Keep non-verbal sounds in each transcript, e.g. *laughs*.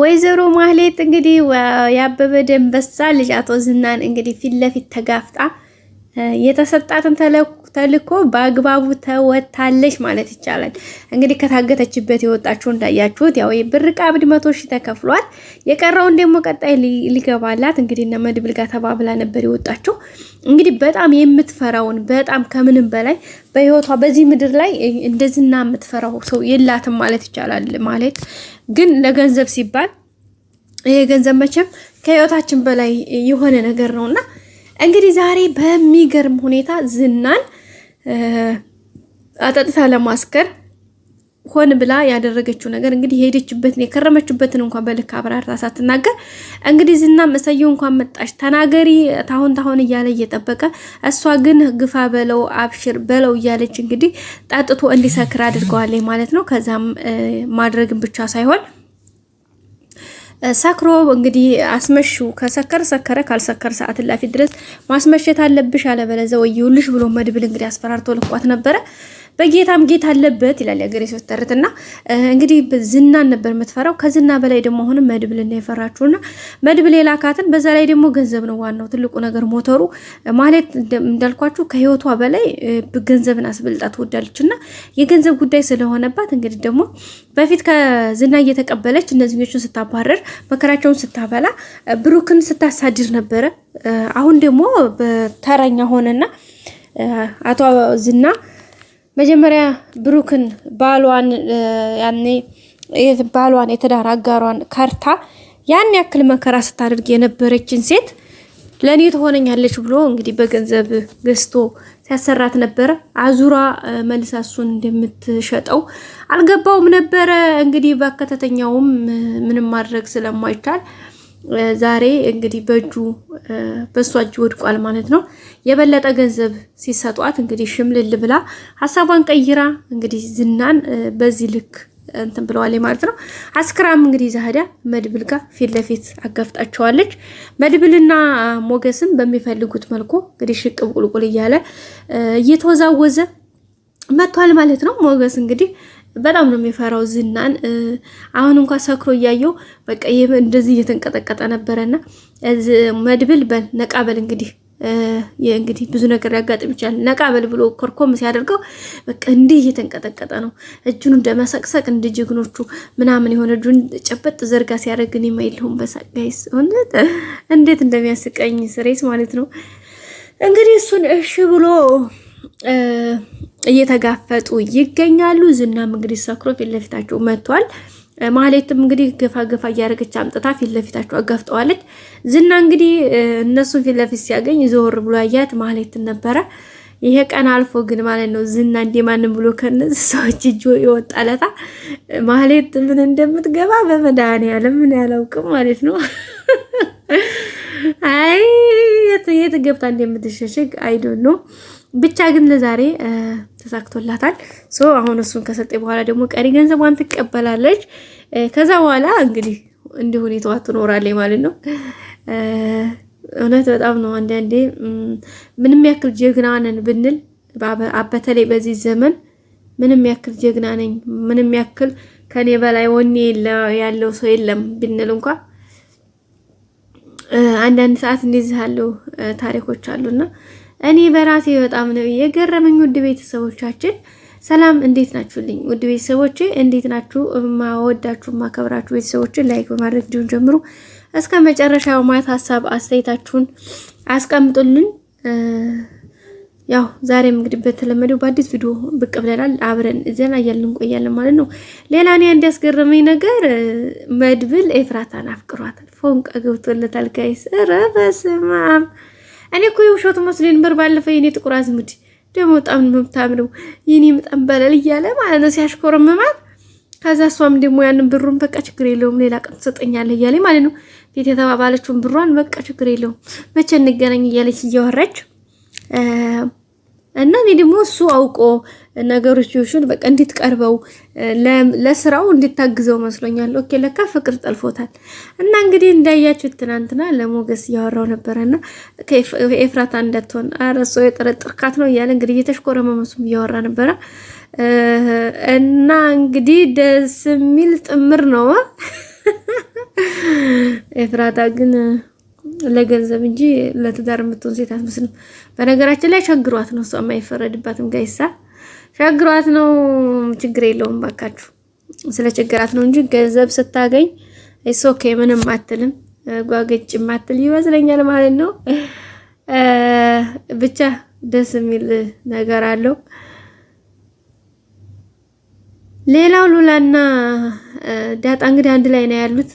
ወይዘሮ ማህሌት እንግዲህ የአበበ ደንበሳ ልጅ አቶ ዝናን እንግዲህ ፊት ለፊት ተጋፍጣ የተሰጣትን ተልኮ በአግባቡ ተወታለች ማለት ይቻላል። እንግዲህ ከታገተችበት የወጣችሁ እንዳያችሁት ያው የብር ቃብድ መቶ ሺህ ተከፍሏል። የቀረውን ደግሞ ቀጣይ ሊገባላት እንግዲህ እነ መድብል ጋር ተባብላ ነበር የወጣችው። እንግዲህ በጣም የምትፈራውን በጣም ከምንም በላይ በህይወቷ በዚህ ምድር ላይ እንደዚህና የምትፈራው ሰው የላትም ማለት ይቻላል። ማለት ግን ለገንዘብ ሲባል ይሄ ገንዘብ መቼም ከህይወታችን በላይ የሆነ ነገር ነውና እንግዲህ ዛሬ በሚገርም ሁኔታ ዝናን አጠጥታ ለማስከር ሆን ብላ ያደረገችው ነገር እንግዲህ የሄደችበትን የከረመችበትን እንኳን በልክ አብራርታ ሳትናገር እንግዲህ ዝና እሰየው እንኳን መጣሽ ተናገሪ ታሁን ታሁን እያለ እየጠበቀ እሷ ግን ግፋ በለው አብሽር በለው እያለች እንግዲህ ጠጥቶ እንዲሰክር አድርገዋለች ማለት ነው። ከዛም ማድረግን ብቻ ሳይሆን ሰክሮ እንግዲህ አስመሹ ከሰከር ሰከረ፣ ካልሰከር ሰዓት ላፊት ድረስ ማስመሸት አለብሽ፣ አለበለዚያ ወየውልሽ ብሎ መድብል እንግዲህ አስፈራርቶ ልኳት ነበረ። በጌታም ጌታ አለበት ይላል የአገሬ ሰው ተረት እና እንግዲህ ዝናን ነበር የምትፈራው። ከዝና በላይ ደግሞ አሁንም የፈራችሁ ና መድብል የላካትን በዛ ላይ ደግሞ ገንዘብ ነው ዋናው ትልቁ ነገር ሞተሩ ማለት እንዳልኳችሁ ከህይወቷ በላይ ገንዘብን አስበልጣ ትወዳለች እና የገንዘብ ጉዳይ ስለሆነባት እንግዲህ ደግሞ በፊት ከዝና እየተቀበለች እነዚህኞቹን ስታባረር መከራቸውን ስታበላ ብሩክን ስታሳድር ነበረ። አሁን ደግሞ ተረኛ ሆነና አቶ ዝና መጀመሪያ ብሩክን ባሏን ያኔ ባሏን የትዳር አጋሯን ከርታ ያን ያክል መከራ ስታደርግ የነበረችን ሴት ለእኔ ትሆነኛለች ብሎ እንግዲህ በገንዘብ ገዝቶ ሲያሰራት ነበረ። አዙራ መልሳ እሱን እንደምትሸጠው አልገባውም ነበረ። እንግዲህ በአከታተኛውም ምንም ማድረግ ስለማይቻል ዛሬ እንግዲህ በእጁ በእሷ እጅ ወድቋል ማለት ነው። የበለጠ ገንዘብ ሲሰጧት እንግዲህ ሽምልል ብላ ሀሳቧን ቀይራ እንግዲህ ዝናን በዚህ ልክ እንትን ብለዋል ማለት ነው። አስክራም እንግዲህ ዛህዳ መድብል ጋር ፊት ለፊት አጋፍጣቸዋለች። መድብልና ሞገስም በሚፈልጉት መልኩ እንግዲህ ሽቅብ ቁልቁል እያለ እየተወዛወዘ መጥቷል ማለት ነው። ሞገስ እንግዲህ በጣም ነው የሚፈራው ዝናን። አሁን እንኳን ሰክሮ እያየው በቃ እንደዚህ እየተንቀጠቀጠ ነበረና መድብል በል ነቃ በል እንግዲህ እንግዲህ ብዙ ነገር ያጋጥም ይችላል። ነቃ በል ብሎ ኮርኮም ሲያደርገው በቃ እንዲህ እየተንቀጠቀጠ ነው። እጁን እንደመሰቅሰቅ እንደ ጀግኖቹ ምናምን የሆነ እጁን ጨበጥ ዘርጋ ሲያደርግን እኔማ የለሁም በሳቅ እንዴት እንደሚያስቀኝ ስሬስ ማለት ነው እንግዲህ እሱን እሺ ብሎ እየተጋፈጡ ይገኛሉ። ዝናም እንግዲህ ሰክሮ ፊት ለፊታቸው መጥቷል። ማህሌትም እንግዲህ ገፋ ገፋ እያደረገች አምጥታ ፊት ለፊታቸው አጋፍጠዋለች። ዝና እንግዲህ እነሱን ፊት ለፊት ሲያገኝ ዞር ብሎ ያያት ማህሌትን ነበረ። ይሄ ቀን አልፎ ግን ማለት ነው ዝና እንዴ ማንም ብሎ ከነዚህ ሰዎች እጅ ይወጣለታ። ማህሌት ምን እንደምትገባ በመድኃኒዓለም ምን ያላውቅም ማለት ነው። አይ የት ገብታ እንደምትሸሸግ አይዶን ነው ብቻ ግን ለዛሬ ተሳክቶላታል። ሶ አሁን እሱን ከሰጠ በኋላ ደግሞ ቀሪ ገንዘቧን ትቀበላለች። ከዛ በኋላ እንግዲህ እንዲህ ሁኔታዋ ትኖራለች ማለት ነው። እውነት በጣም ነው። አንዳንዴ ምንም ያክል ጀግና ነን ብንል በተለይ በዚህ ዘመን ምንም ያክል ጀግና ነኝ፣ ምንም ያክል ከኔ በላይ ወኔ ያለው ሰው የለም ብንል እንኳ አንዳንድ ሰዓት እንደዚህ ያለው ታሪኮች አሉና እኔ በራሴ በጣም ነው የገረመኝ። ውድ ቤተሰቦቻችን ሰላም፣ እንዴት ናችሁልኝ? ውድ ቤተሰቦቼ እንዴት ናችሁ? ማወዳችሁ ማከብራችሁ ቤተሰቦችን ላይክ በማድረግ እንዲሁም ጀምሩ እስከ መጨረሻው ማለት ሀሳብ አስተያየታችሁን አስቀምጡልን። ያው ዛሬም እንግዲህ በተለመደው በአዲስ ቪዲዮ ብቅ ብለናል። አብረን ዘና እያልን እንቆያለን ማለት ነው። ሌላ እኔ አንድ ያስገረመኝ ነገር መድብል ኤፍራታን አፍቅሯታል። ፎንቃ ገብቶለታል። ጋይስ ኧረ በስመ አብ እኔ እኮ የውሸት መስሎኝ ነበር ባለፈ የኔ ጥቁር አዝሙድ ደግሞ በጣም መብታም ነው የኔ በጣም በለል እያለ ማለት ነው ሲያሽኮረምማት። ከዛ እሷም ደግሞ ያንን ብሩን በቃ ችግር የለውም ሌላ ቀን ትሰጠኛለህ እያለ ማለት ነው ቤት የተባባለችውን ብሯን በቃ ችግር የለውም መቼ እንገናኝ እያለች እያወራች እና እኔ ደግሞ እሱ አውቆ ነገሮችን በቃ እንድትቀርበው ለስራው እንድታግዘው መስሎኛል። ኦኬ ለካ ፍቅር ጠልፎታል። እና እንግዲህ እንዳያችሁት ትናንትና ለሞገስ እያወራው ነበረና ኤፍራታ እንዳትሆን አረሶ የጠረጠርካት ነው እያለ እንግዲህ እየተሽኮረመመሱም እያወራ ነበረ። እና እንግዲህ ደስ የሚል ጥምር ነው። *laughs* ኤፍራታ ግን ለገንዘብ እንጂ ለትዳር የምትሆን ሴት አትመስልም። በነገራችን ላይ ቸግሯት ነው፣ እሷም አይፈረድባትም ጋይሳ ሸግሯት ነው። ችግር የለውም ባካችሁ። ስለ ቸግራት ነው እንጂ ገንዘብ ስታገኝ እሱ ኦኬ ምንም አትልም። ጓገጭ ማትል ይመስለኛል ማለት ነው። ብቻ ደስ የሚል ነገር አለው። ሌላው ሉላና ዳጣ እንግዲህ አንድ ላይ ነው ያሉት።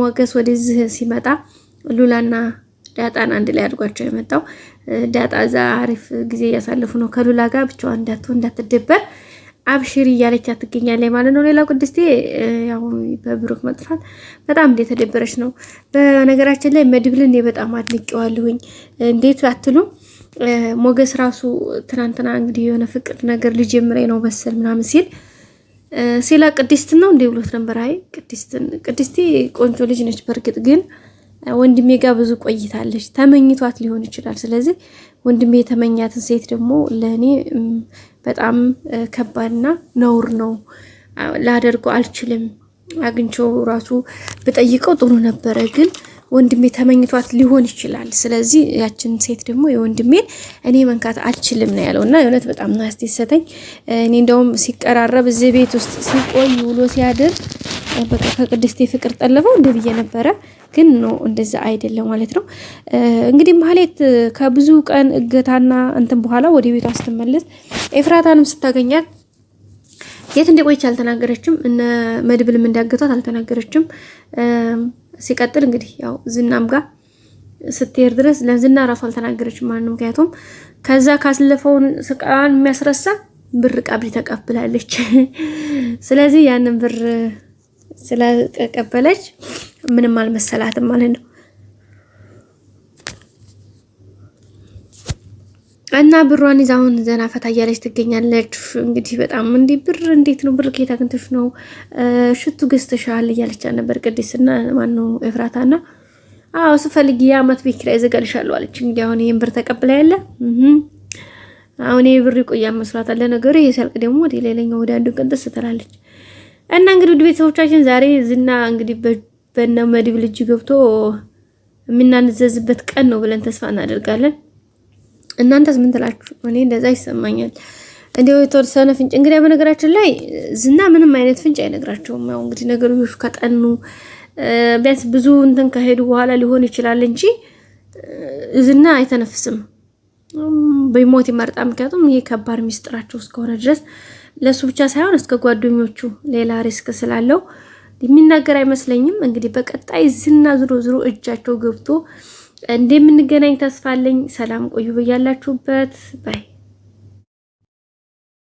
ሞገስ ወደዚህ ሲመጣ ሉላና ዳጣን አንድ ላይ አድርጓቸው የመጣው ዳጣዛ አሪፍ ጊዜ እያሳለፉ ነው ከሉላ ጋር ብቻዋን እንዳትሆን እንዳትደበር አብሽሪ እያለቻት ትገኛለች ማለት ነው። ሌላው ቅድስቴ ያው በብሩክ መጥፋት በጣም እንደተደበረች ነው። በነገራችን ላይ መድብልን በጣም አድንቄዋለሁኝ። እንዴት አትሉ ሞገስ ራሱ ትናንትና እንግዲህ የሆነ ፍቅር ነገር ልጀምሬ ነው መሰል ምናምን ሲል ሲላ ቅድስትን ነው እንዴ ብሎት ነበር። አይ ቅድስትን ቅድስቴ ቆንጆ ልጅ ነች በእርግጥ ግን ወንድሜ ጋር ብዙ ቆይታለች፣ ተመኝቷት ሊሆን ይችላል። ስለዚህ ወንድሜ የተመኛትን ሴት ደግሞ ለእኔ በጣም ከባድና ነውር ነው፣ ላደርገው አልችልም። አግኝቼው ራሱ ብጠይቀው ጥሩ ነበረ ግን ወንድሜ ተመኝቷት ሊሆን ይችላል። ስለዚህ ያችን ሴት ደግሞ የወንድሜን እኔ መንካት አልችልም ነው ያለው እና የእውነት በጣም ነው ያስደሰተኝ። እኔ እንደውም ሲቀራረብ እዚህ ቤት ውስጥ ሲቆይ ውሎ ሲያድር በቃ ከቅድስቴ ፍቅር ጠለፈው እንደ ብዬ ነበረ፣ ግን ነው እንደዛ አይደለም ማለት ነው። እንግዲህ ማህሌት ከብዙ ቀን እገታና እንትን በኋላ ወደ ቤቷ ስትመለስ ኤፍራታንም ስታገኛት የት እንደቆየች አልተናገረችም። እነ መድብልም እንዳገቷት አልተናገረችም። ሲቀጥል እንግዲህ ያው ዝናም ጋር ስትሄድ ድረስ ለዝና ራሱ አልተናገረችም ማለት ነው። ምክንያቱም ከዛ ካስለፈውን ስቃን የሚያስረሳ ብር ቀብሪ ተቀብላለች። *laughs* ስለዚህ ያንን ብር ስለተቀበለች ምንም አልመሰላትም ማለት ነው። እና ብሯን ይዛ አሁን ዘና ፈታ እያለች ትገኛለች። እንግዲህ በጣም እንዲህ ብር እንዴት ነው ብር ከየት አግኝተሽ ነው ሽቱ ገዝተሻል እያለች ነበር ቅድስና ማነው ኤፍራታና አዎ ስፈልግ የአመት ቤት ኪራይ እዘጋልሻለሁ አለች። እንግዲህ አሁን ይህን ብር ተቀብላ ያለ አሁን ይህ ብር ይቆያ መስሏታል። ለነገሩ ይህ ሰልቅ ደግሞ ወደ ሌላኛው ወደ አንዱ ቅንጥስ ትላለች። እና እንግዲህ ውድ ቤተሰቦቻችን ዛሬ ዝና እንግዲህ በነ መዲብ ልጅ ገብቶ የምናንዘዝበት ቀን ነው ብለን ተስፋ እናደርጋለን። እናንተስ ምን ትላችሁ? እኔ እንደዛ ይሰማኛል። እንዲሁ የተወሰነ ፍንጭ እንግዲህ በነገራችን ላይ ዝና ምንም አይነት ፍንጭ አይነግራቸውም። ያው እንግዲህ ነገሮች ከጠኑ ቢያንስ ብዙ እንትን ከሄዱ በኋላ ሊሆን ይችላል እንጂ ዝና አይተነፍስም። በሞት ይመርጣ። ምክንያቱም ይሄ ከባድ ሚስጥራቸው እስከሆነ ድረስ ለእሱ ብቻ ሳይሆን እስከ ጓደኞቹ ሌላ ሪስክ ስላለው የሚናገር አይመስለኝም። እንግዲህ በቀጣይ ዝና ዝሮ ዝሮ እጃቸው ገብቶ እንደምንገናኝ ተስፋ አለኝ። ሰላም ቆዩ በያላችሁበት ባይ